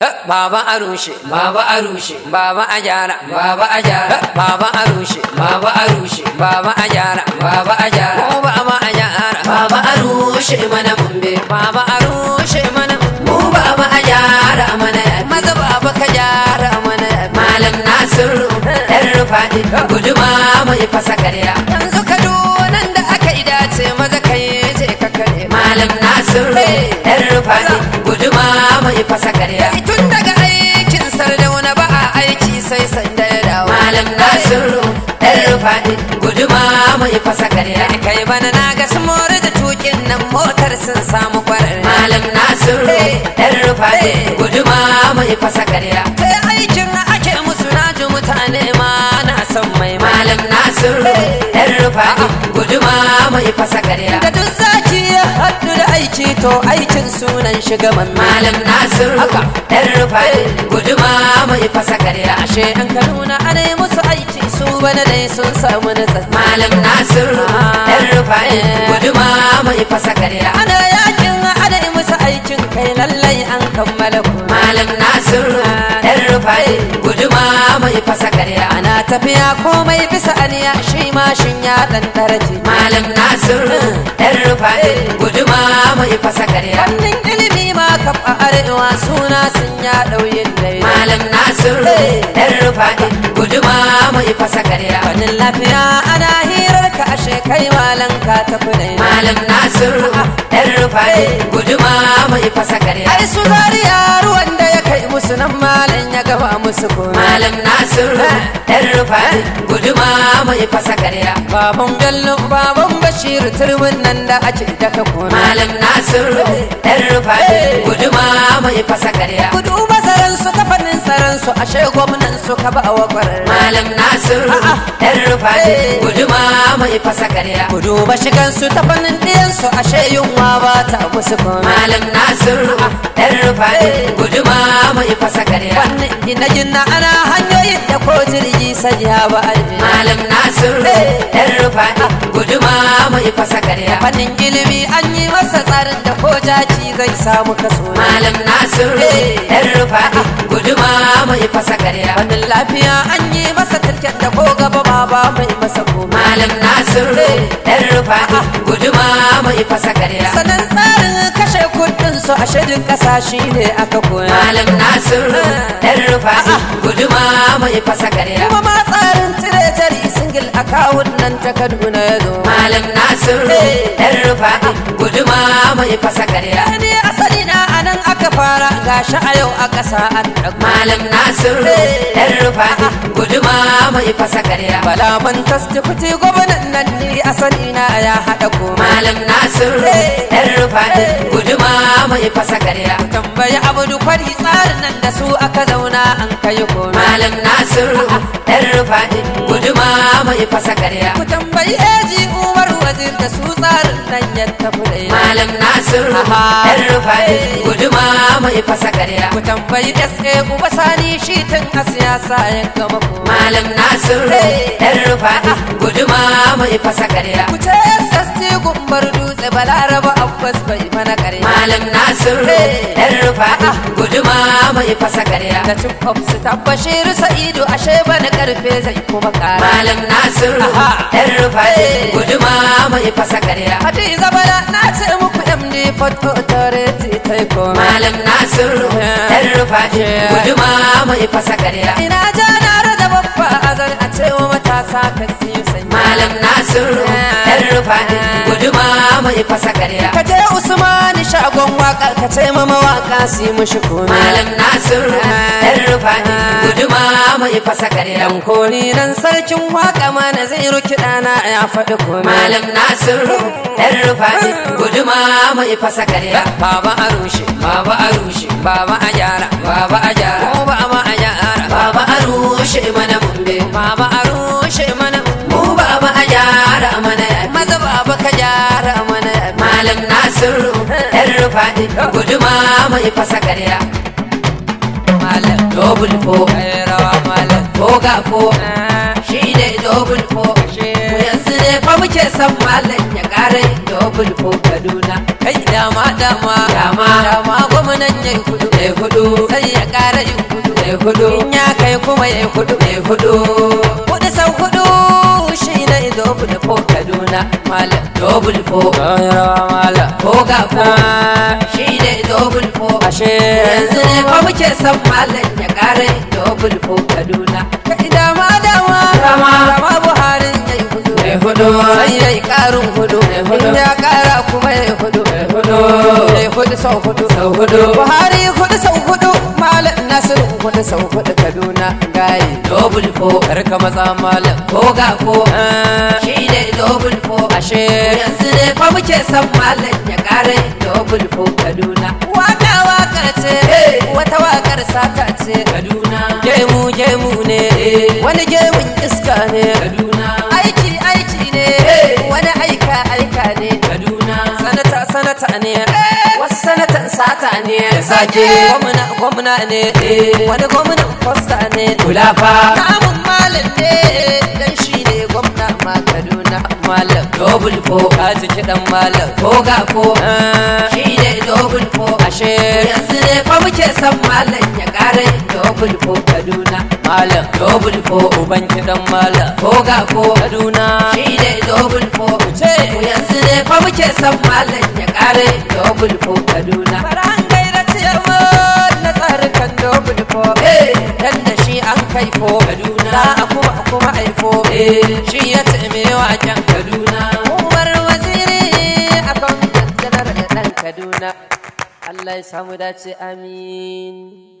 Baba a rushe, baba a rushe, baba a gyara, baba a baba a baba a rushe, baba a gyara, baba a gyara, oh, baba ma a gyara, baba a rushe mana bumbe, baba a rushe mana mu oh, baba a mana maza baba ka mana malam nasiru dan rufaɗi guduma mai fasa karya yanzu ka donan da aka yi dace maza ka yi je ka malam nasiru dan rufaɗi guduma mai fasa sirru ɗan rufaɗi guduma mai fasa karya kai bana na ga su more da tukin nan motar sun samu kwarar malam nasiru eh. ɗan rufaɗi eh. guduma mai fasa karya sai eh, aikin ake musu na ji mutane ma na son mai malam nasiru ɗan rufaɗi ah, ah. guduma mai fasa karya da duk zaki ya haɗu da aiki to aikin sunan shigaban malam nasiru ɗan rufaɗi guduma mai fasa karya ashe ɗan ka nuna ana musu bane dai sun samu na tsatsa malam nasiru yan rufa'i guduma mai fasa karya ana yakin ada yi musu aikin kai lallai an kammala malam nasiru yan rufa'i mai fasa karya ana tafiya komai bisa aniya shi ma shin ya dan daraje malam nasir dan rufa'i guduma mai fasa karya wannan ilimi ma kaf a arewa suna sun ya dauyin dai malam nasir dan eh. rufa'i guduma mai fasa karya wannan lafiya ana hirar ka ashe kai malam ka tafi dai malam nasir dan ah, ah. rufa'i eh. guduma mai fasa karya ai su zariya ruwa kai musu nan malam ya gaba musu kuma malam nasiru dan rufa'i guduma mai fasa karya baban bello baban bashir turbin nan da ake ka kuma malam nasiru dan rufa'i guduma mai fasa karya guduma saran su kafanin saran su ashe gwamnan su ka ba wa kwarar malam nasiru dan rufa'i guduma mai fasa karya ku duba shigan su ta fannin ɗiyan su ashe yunwa ba ta musu kome. malam nasiru ɗan rufai guduma yi fasa karya wannan gina gina ana hanyoyin da ko jirgi sanya ba albi malam nasiru eh. ɗan rufai guduma yi fasa karya fannin ilimi an yi masa tsarin da ko jaji zai samu kaso malam nasiru eh. ɗan rufai guduma yi fasa karya fannin lafiya an masa tarken da ko gaba ma ba mai masa ko malam nasiru dan rufa guduma mai fasa kariya sanan tsarin kashe kudin su a shidin ƙasa shine aka koya malam nasiru dan ah. rufa guduma mai fasa kariya kuma ma tsarin tire jari singil a kawun nan ta kaduna ya zo malam nasiru dan eh. rufa guduma mai fasa kariya fara gashi a yau a ƙasa an Malam Nasiru eh. ɗan rufa guduma mai fasa karya. Bala mun tasti kuti gwamnan nan ni a sani na ya haɗa ko. Malam Nasiru eh. ɗan rufa eh. guduma mai fasa Ku Tambayi abu kwari tsarin nan da su aka zauna an kai ko. Malam Nasiru ɗan rufa guduma mai fasa karya. Ku tambayi eji umar malam nasiru ɗan rufai guduma mai fasa karya ku tambayi gaske ku basani shi tun a siyasa yan gaba ku malam nasiru ɗan rufai guduma mai fasa karya ku ce sasti gumbar dutse balaraba abbas bai mana karya malam nasiru ɗan rufai guduma mai fasa karya da cin su tabbashiru sa'idu ashe karfe zai kuma kara malam nasiru dan rufai eh. guduma mai fasa hadi zabara na ce muku md photo authority taiko malam nasiru dan eh. rufai eh. guduma mai fasa karya ina jana na babba azan a ce wa matasa kasi nasiru yan rufa guduma mai fasa karya ka je usman shagon waka ka ce ma mawaka su mushi kuma malam nasiru yan rufa guduma mai fasa karya dan koni nan sarkin waka ma na zai ruki dana ya faɗi kuma malam nasiru yan rufa guduma mai fasa karya baba a rushe baba a rushe baba a gyara baba a gyara baba a gyara baba a rushe mana mumbe baba a kara mana malam nasiru yan rufaɗi guduma mai fasa karya malam dobul fo rawa malam foga fo shi ne dobul fo yanzu ne fa muke son malam ya kara dobul fo kaduna kai dama dama dama dama gwamnan yan kudu ya kudu sai ya kara yin kudu ya kudu in ya kai kuma ya kudu ya kudu kudu sau kudu dobul fo kaduna mala dobul fo rawa mala fo ga fo shi ne dobul fo ashe yanzu ne fa muke san malam ya kare dobul fo kaduna ka ida ma dama rama rama buharin ne hudu mai hudu sai yayi karin hudu mai hudu ya kara kuma yayi hudu mai hudu yayi hudu sau hudu sau hudu buhari hudu sau hudu da sau kuɗi kaduna gaye dobul fo karka maza malam ko ga fo ah. shi ne double fo ashe yanzu ne fa muke san malam ya kare double fo kaduna waka waka ce wata wakar sata ce kaduna gemu gemu ne wani gemun iska ne kaduna aiki aiki ne wani aika aika ne kaduna sanata sanata ne sata ne sake gwamna gwamna ne eh, wani gwamna kwasta ne kulafa namun malam ne dan shi ne gwamna ma kaduna malam dobul fo ka ciki dan malam ko ga ko ah, shi ne dobul fo ashe yanzu ne fa muke san malam ya kare dobul fo kaduna malam dobul fo uban kidan malam ko ga ko kaduna shi ne dobul fo ce yanzu ne fa muke son malam ya kare double fo kaduna faran gaira ciyarwa na tsarkan double fo eh. dan da shi an kai fo kaduna za a kuma a kuma aifo eh. shi ya taimewa a kaduna umar waziri akan kan janar da dan kaduna Allah ya samu dace amin